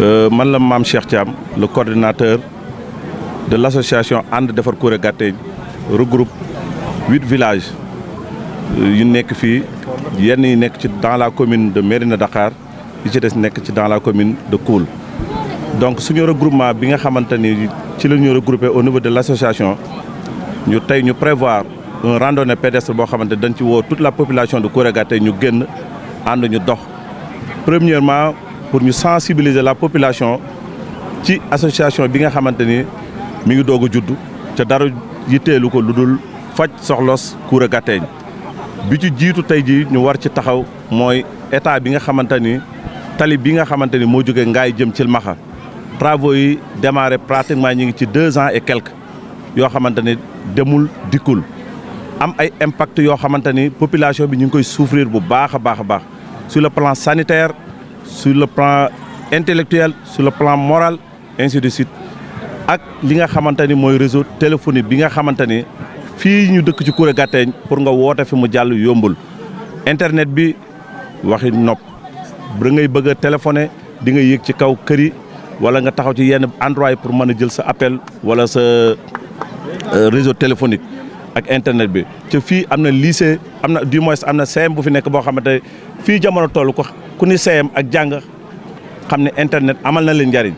Euh, man la maam Cheikh Thiam le coordinateur de l' association ànd defar Kouré Gàtteeñ regroupe huit villages euh, yu nekk fii yenn yi nekk ci dans la commune de na Dakhar yi ci des nekk ci dans la commune de coule donc suñu regroupement bi nga xamante ni ci la ñu regroupé au niveau de l' association ñu tey ñu prévoir un randonnée pédestre boo xamante dañ ci woo toute la population de Kouré Gàtteeñ ñu génn ànd ñu dox premièrement pour ñu sensibiliser la population ci association bi nga xamante ni mi ngi doog a judd ca dara yitteelu ko lu dul faj soxlos Koura Gàtteeñ bi ci jiitu tey ji ñu war ci taxaw mooy état bi nga xamante ni tali bi nga xamante ni moo jóge ngaay jëm ci Maxa travaux yi démarré pratiquement ñu ngi ci deux ans et quelques yoo xamante ni demul dikkul am ay impact yoo xamante ni population bi ñu ngi koy souffrir bu baax a baax a baax plan sanitaire sur le plan intellectuel sur le plan moral ainsi de ak li nga xamante ni mooy réseau téléphonique bi nga xamante ni fii ñu dëkk ci Kouré Gàtteeñ pour nga woote fi mu jàll yombul internet bi waxi nopp da ngay bëgg a téléphoner di nga yéeg ci kaw kër yi wala nga taxaw ci yenn endroit yi pour mën a jël sa appel wala sa euh, réseau téléphonique ak internet bi te fii am na lycée am na du moins am na CM bu fi nekk boo xamante fii jamono tollu ko ku ni CM ak jàng xam ne internet amal na leen njariñ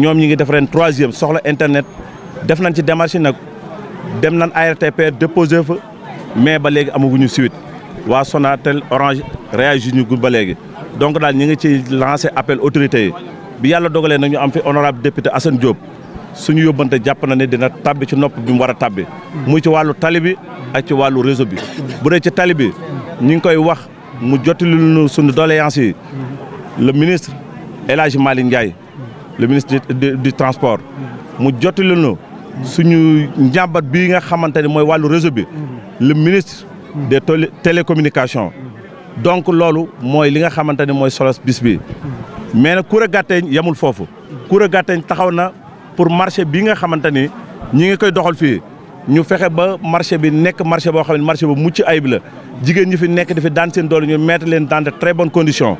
ñoom ñi ngi def ren troisième soxla internet def nañ ci démarche nag dem nañ ARTP déposé fa mais ba léegi amaguñu suite waa Sonatel Orange réagi ñu gu ba léegi donc daal ñi ngi ci lancé appel autorité yi bi yàlla dogalee na ñu am fi honorable député Assane Diop suñu yóbbante jàpp na ne dina tàbbi ci nopp bi mu war a tàbbi muy ci wàllu tali bi ak ci wàllu réseau bi bu dee ci tali bi ñu ngi koy wax mu jottali nu suñu doléance yi le ministre El Hadji Malick Ndiaye le ministre du transport mu jottali nu suñu njàmbat bii nga xamante ne mooy wàllu réseau bi le ministre des télécommunications donc loolu mooy li nga xamante ne mooy solos bis bi mais nag Koura yamul yemul foofu Koura Gateñ taxaw na pour marché bi nga xamante ni ñi ngi koy doxal fii ñu fexe ba marché bi nekk marché boo xam ne marché bu mucc ayib la jigéen ñi fi nekk dafi daan seen doole ñu mettre leen dans de très bonnes conditions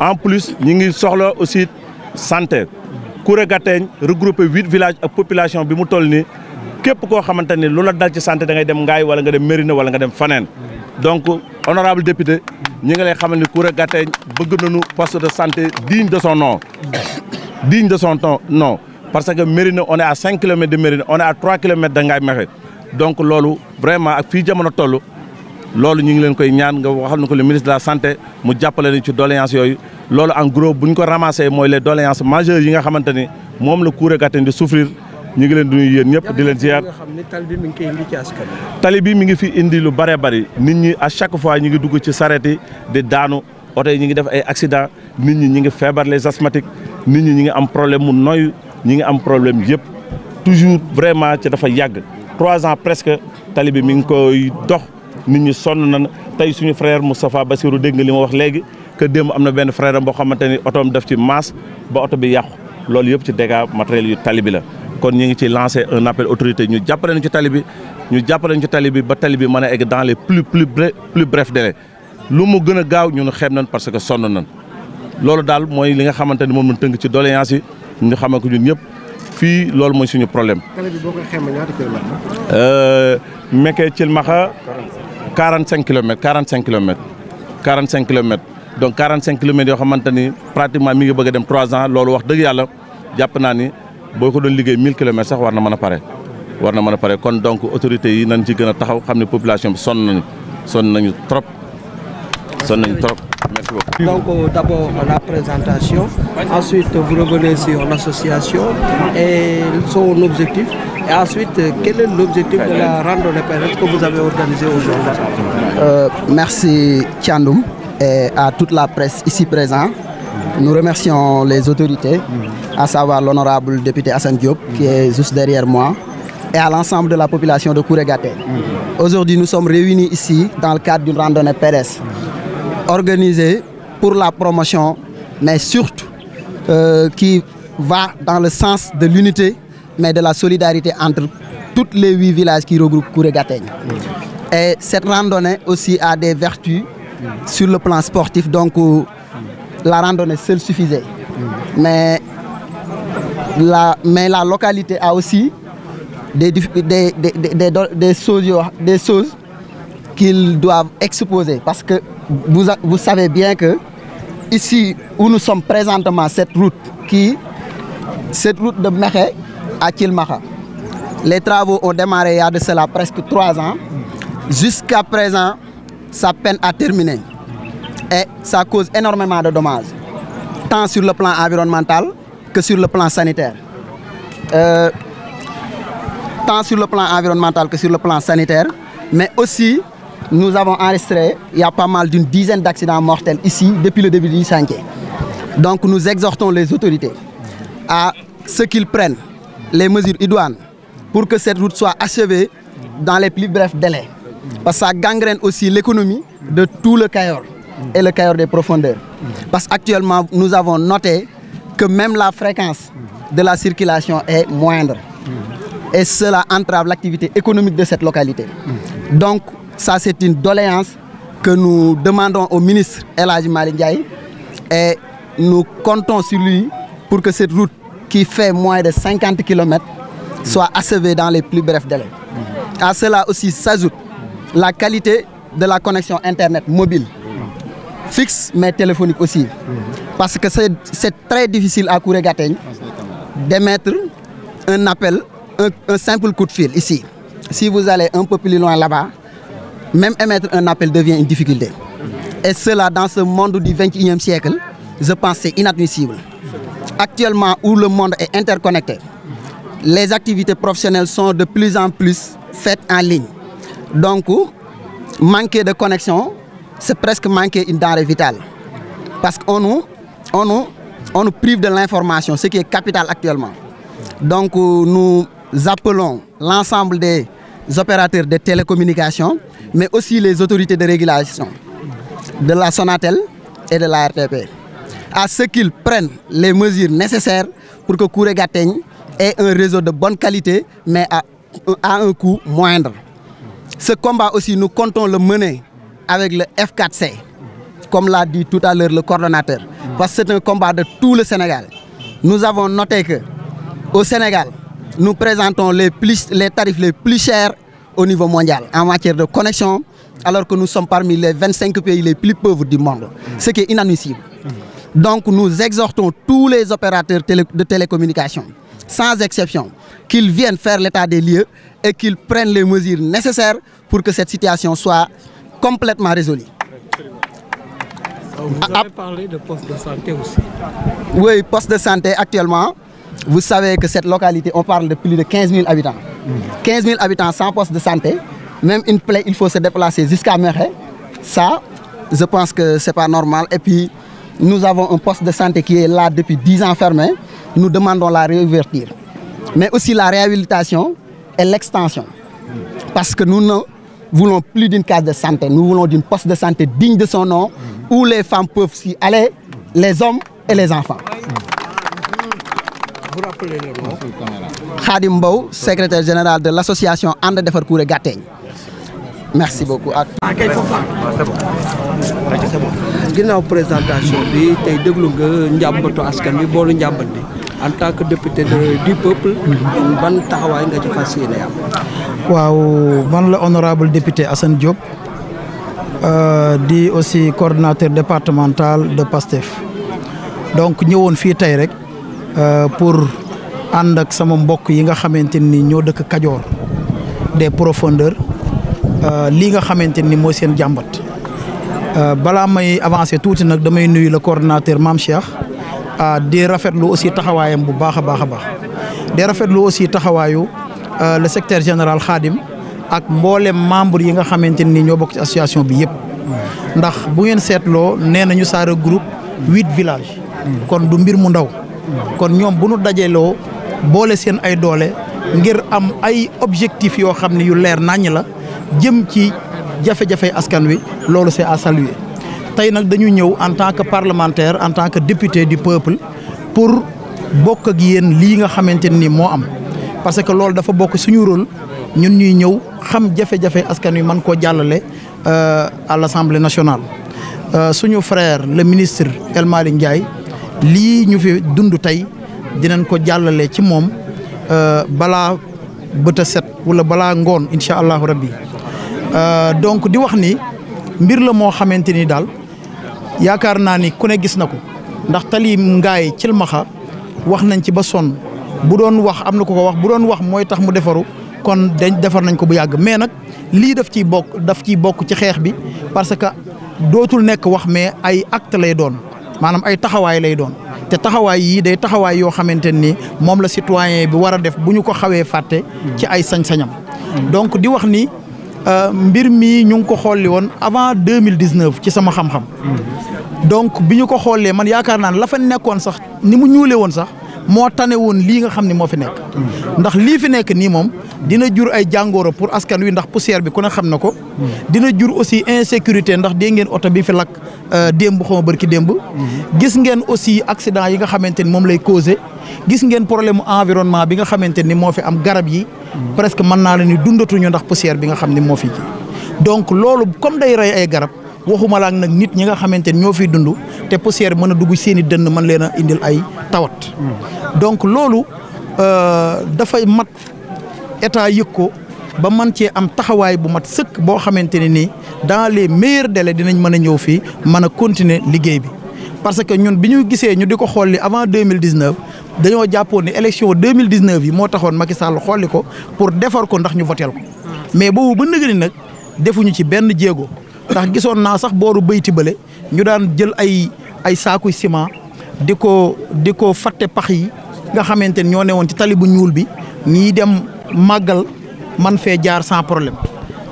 en plus ñi ngi soxla aussi santé Kouré Gateñ regroupé huit villages ak population bi mu toll nii képp koo xamante ni lu la dal ci santé da ngay dem Ngaay wala nga dem Mérina wala nga dem faneen donc honorable député ñi ngi lay xamal ni Kouré Gateñ bëgg nañu poste de santé digne de son digne de son nom parce que Médina on a cinq 5 de Médina on est à 3 kilomètres de Ngaye donc loolu vraiment ak fii jamono toll loolu ñu ngi leen koy ñaan nga waxal na ko le ministre de la santé mu jàppale ni ci doléance yooyu loolu en gros bu ñu ko ramassé mooy les doléances majeures yi nga xamante ni moom la Kouré Gàttin di souffrir ñu ngi leen di nuyu yéen ñëpp di leen ziar tali bi ngi koy indi ci bi mi ngi fi indi lu bëree bëri nit ñi à chaque fois ñu ngi dugg ci sareet yi di daanu oto ngi def ay accident nit ñi ñu ngi feebar les asthmatiques nit ñi ñi ngi am problème mu noyyu ñi ngi am problème yëpp toujours vraiment ci dafa yàgg trois ans presque tali bi mi ngi koy dox nit ñi sonn na tey suñu frère Moustapha Bassirou dégg nga li ma wax léegi que démb am na benn frère am boo xamante ni otoom def ci masse ba oto bi yàqu loolu yëpp ci dégâts matériels yu tali bi la kon ñu ngi ci lancé un appel autorité ñu jàppale ñu ci tali bi ñu jàppale ñu ci tali bi ba tali bi mën a egg dans les plus plus plus brefs délais lu mu gën a gaaw ñun xeeb nañ parce que sonn nañ loolu daal mooy li nga xamante ni moom la tëng ci doléance yi ñu xamal ko ñun ñëpp fii loolu mooy suñu problème. tali bi boo koy xayma ñaata kilomètres la. Mekke Cilmaxa. 45 kilomètres 45 kilomètres. 45 kilomètres donc 45 yoo xamante ni pratiquement mi ngi bëgg dem 3 ans loolu wax dëgg yàlla jàpp naa ni boo ko doon liggéey 1000 kilomètres sax war na mën a pare. war na mën a pare kon donc autorités yi nañ ci gën a taxaw xam ne population bi son nañu sonn nañu trop. son nañu trop. Donc euh, d'abord la présentation, ensuite vous revenez sur l'association et son objectif, et ensuite quel est l'objectif de la randonnée pédestre que vous avez organisée aujourd'hui euh, Merci Tiandoum et à toute la presse ici présente. Nous remercions les autorités, à savoir l'honorable député Hassan Diop qui est juste derrière moi et à l'ensemble de la population de Kourégaté. Aujourd'hui, nous sommes réunis ici dans le cadre d'une randonnée pédestre. organisé pour la promotion, mais surtout euh, qui va dans le sens de l'unité, mais de la solidarité entre toutes les huit villages qui regroupent Kourégateigne. Et cette randonnée aussi a des vertus sur le plan sportif, donc euh, la randonnée seule suffisait. Mais la, mais la localité a aussi des, des, des, des, des des choses qu'ils doivent exposer parce vous, vous savez bien que ici où nous sommes présentement, cette route qui, cette route de Mekhe à Kilmaha, les travaux ont démarré il y de cela presque trois ans. Jusqu'à présent, sa peine à terminer. Et ça cause énormément de dommages, tant sur le plan environnemental que sur le plan sanitaire. Euh, tant sur le plan environnemental que sur le plan sanitaire, mais aussi nous avons enregistré, il y a pas mal d'une dizaine d'accidents mortels ici depuis le début du chantier. Donc nous exhortons les autorités à ce qu'ils prennent les mesures idoines pour que cette route soit achevée dans les plus brefs délais. Parce que ça gangrène aussi l'économie de tout le Cayor et le Cayor des profondeurs. Parce qu'actuellement, nous avons noté que même la fréquence de la circulation est moindre. Et cela entrave l'activité économique de cette localité. Ça, c'est une doléance que nous demandons au ministres El Hadj Ndiaye et nous comptons sur lui pour que cette route qui fait moins de cinquante kilomètres soit achevée dans les plus brefs délais. À aussi s'ajoute la qualité de la connexion Internet mobile, fixe mais téléphonique aussi, parce que c'est très difficile à Kourégateng d'émettre un appel, un, un simple coup de fil ici. Si vous allez un peu plus loin même émettre un appel devient une difficulté. Et cela, dans ce monde du 21e siècle, je pense c'est inadmissible. Actuellement, où le monde est interconnecté, les activités professionnelles sont de plus en plus faites en ligne. Donc, manqué de connexion, c'est presque manquer une denrée vitale. Parce qu'on nous, on nous, on nous prive de l'information, ce qui est capital actuellement. Donc, nous appelons l'ensemble des opérateurs de télécommunications mais aussi les autorités de régulation de la Sonatel et de la RTP, à ce qu'ils prennent les mesures nécessaires pour que Kouré Gatteigne ait un réseau de bonne qualité, mais à, à un coût moindre. Ce combat aussi, nous comptons le mener avec le F4C, comme l'a dit tout à l'heure le coordonnateur, parce que c'est un combat de tout le Sénégal. Nous avons noté que au Sénégal, nous présentons les, plus, les tarifs les plus chers au niveau mondial en matière de connexion alors que nous sommes parmi les vingt cinq pays les plus pauvres du monde ce qui est inadmissible donc nous exhortons tous les opérateurs de télécommunications sans exception qu'ils viennent faire l'état des lieux et qu'ils prennent les mesures nécessaires pour que cette situation soit complètement résolue ah, ah. oui poste de santé actuellement vous savez que cette localité, on parle de plus de 15 000 habitants. 15 000 habitants sans poste de santé, même une plaie, il faut se déplacer jusqu'à Meret. Ça, je pense que ce pas normal. Et puis, nous avons un poste de santé qui est là depuis 10 ans fermé. Nous demandons la réouverture. Mais aussi la réhabilitation et l'extension. Parce que nous ne voulons plus d'une case de santé. Nous voulons d'une poste de santé digne de son nom, où les femmes peuvent s'y aller, les hommes et les Khadim Mbow secrétaire général de l'association ànd defar Kouré Gàtteeñ merci beaucoup ak ah, ah, ginnaaw présentation bi tey déglu nga njàmbatu askan bi boolu njàmbat bi en tant que député du peuple ban taxawaay nga ci fas yéene waaw man la honorable député Assane Diop euh, di aussi coordinateur départemental de PASTEF donc ñëwoon fii tey rek Euh, pour ànd ak sama mbokk yi nga xamante ni ñoo dëkk Kajoor des profondeurs euh, lii nga xamante ni mooy seen jàmbat euh, balaa may avancer tuuti nag damay nuyu la coordonnateur Mame Cheikh di rafetlu aussi taxawaayam bu baax a baax a baax di rafetlu aussi taxawaayu le secrétaire général Khadim ak mboolem membre yi nga xamante ni ñoo bokk ci association bi yëpp ndax bu ngeen seetloo nee nañu ça groupe huit village mm. kon du mbir mu ndaw kon ñoom bu nu loo boole seen ay doole ngir am ay objectifs yoo xam ne yu leer naññ la jëm ci jafe-jafe askan wi loolu c'est à saluer tey nag dañuy ñëw en tant que parlementaire en tant que député du peuple pour bokk gi yéen lii nga xamante ni moo am parce que loolu dafa bokk suñu rôle ñun ñuy ñëw xam jafe-jafe askan wi mën koo jàllale euh, à l'Assemblée nationale euh, suñu frère le ministre El Malick Ndiaye lii ñu fi dund tey dinañ ko jàllale ci moom euh, balaa bët set wala balaa ngoon incha allahu rabbi euh, donc di wax ni mbir la moo xamante ni daal yaakaar naa ni ku ne gis na ko ndax tali ngaay cilmaxa wax nañ ci ba sonn bu doon wax am na ko ko wax bu doon wax mooy tax mu defaru kon dañ defar nañ ko bu yàgg mais nag lii daf ciy bokk daf ciy bokk ci xeex bi parce que dootul nekk wax mais ay acte lay doon maanaam ay taxawaay lay doon te taxawaay yii day taxawaay yoo xamante ni moom la citoyen bi war a def bu ñu ko xawee fàtte ci ay sañ-sañam donc di wax ni euh, mbir mii ñu ngi ko xooli woon avant deux mille 2019 ci sama xam-xam donc bi ñu ko xoolee man yaakaar naa ne la fa nekkoon sax ni mu ñuulee woon sax moo tane woon lii nga xam ne moo fi nekk. ndax lii fi nekk nii moom dina jur ay jàngoro pour askan wi ndax poussière bi ku ne xam na ko. dina jur aussi insécurité ndax dégg ngeen oto bi fi lakk euh, démb xaw ma bërki démb. gis ngeen aussi accident yi nga xamante ni moom lay causé. gis ngeen problème environnement bi nga xamante ni moo fi am garab yi. presque mën naa la ni dundatuñu ndax poussière bi nga xam ni moo fi ji. donc loolu comme day rey ay garab. waxuma la nag nit ñi nga xamante ni ñoo fiy dund te poussière mën a dugg seeni dënn man leena indil ay tawat. donc loolu euh, dafay mat état yëg ko ba mën cee am taxawaay bu mat sëkk boo xamante ne nii dans les meilleurs dele dinañ mën a ñëw fii mën a continuer liggéey bi. parce que ñun bi ñu gisee ñu di ko xool li avant deux mille dix neuf dañoo jàppoon ne élection deux mille dix neuf yi moo taxoon Macky Sall xooli ko pour defar ko ndax ñu voteel ko mais boobu ba nëgëni nag defuñu ci benn jéego. ndax gisoon naa sax booru bayti bële ñu daan jël ay ay saakuy ciment di ko di ko fatte pax yi nga xamante ni ñoo ne woon ci tali bu ñuul bi ñuy dem màggal man fee jaar sans problème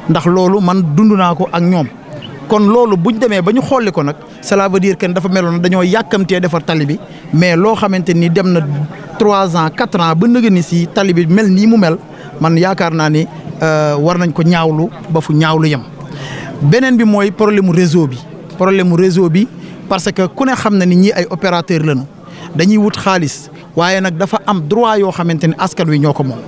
ndax loolu man dund naa ko ak ñoom kon loolu bu buñ demee ba ñu xolli ko nag cela veut dire que dafa meloon dañoo yàkkamtee defar tali bi mais loo xamante ni dem na trois ans quatre ans ba nëgë ni si tali mel nii mu mel man yaakaar naa ni euh, war nañ ko ñaawlu ba fu ñaawlu yem. beneen bi mooy problème mu réseau bi problème mu réseau bi parce que ku ne xam na ni ñii ay opérateur lañu dañuy wut xaalis waaye nag dafa am droit yoo xamante ni askan wi ñoo ko moom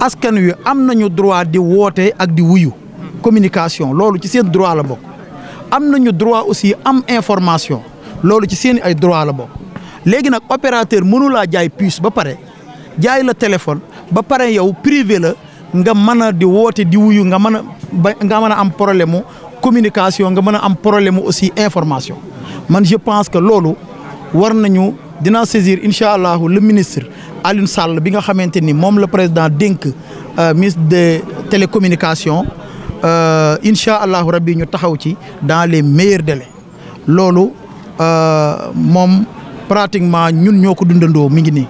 askan wi am nañu droit di woote ak di wuyu communication loolu ci seen droit la bokk am nañu droit aussi am information loolu ci seen ay droit la bokk léegi nag opérateur mënulaa jaay puce ba pare jaay la téléphone ba pare yow privé la nga mën a di woote di wuyu nga mën a ba nga mën a am problème mu communication nga mën a am problème mu aussi information man je pense que loolu war nañu dinaa saisir incha allahu le ministre Alioune Sall bi nga xamante ni moom la président dénk euh, ministre de télécommunication euh, incha allahu rabbi ñu taxaw ci dans les meilleurs délais loolu euh, moom pratiquement ñun ñoo ko dundandoo mi ngi nii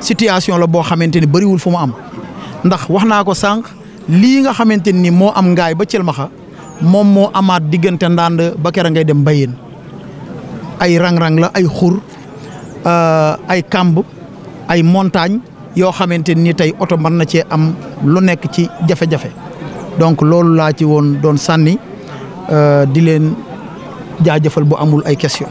situation la boo xamante ni bëriwul fu mu am ndax wax naa lii nga xamante ni moo am ngaay ba Thielmaxa moom moo amaat diggante ndànd ba kera ngay dem mbayeen ay rang-rang la ay xur euh, ay kamb ay montagne yoo xamante ni tey oto mën na cee am lu nekk ci jafe-jafe donc loolu laa ci woon doon sànni euh, di leen jaajëfal bu amul ay question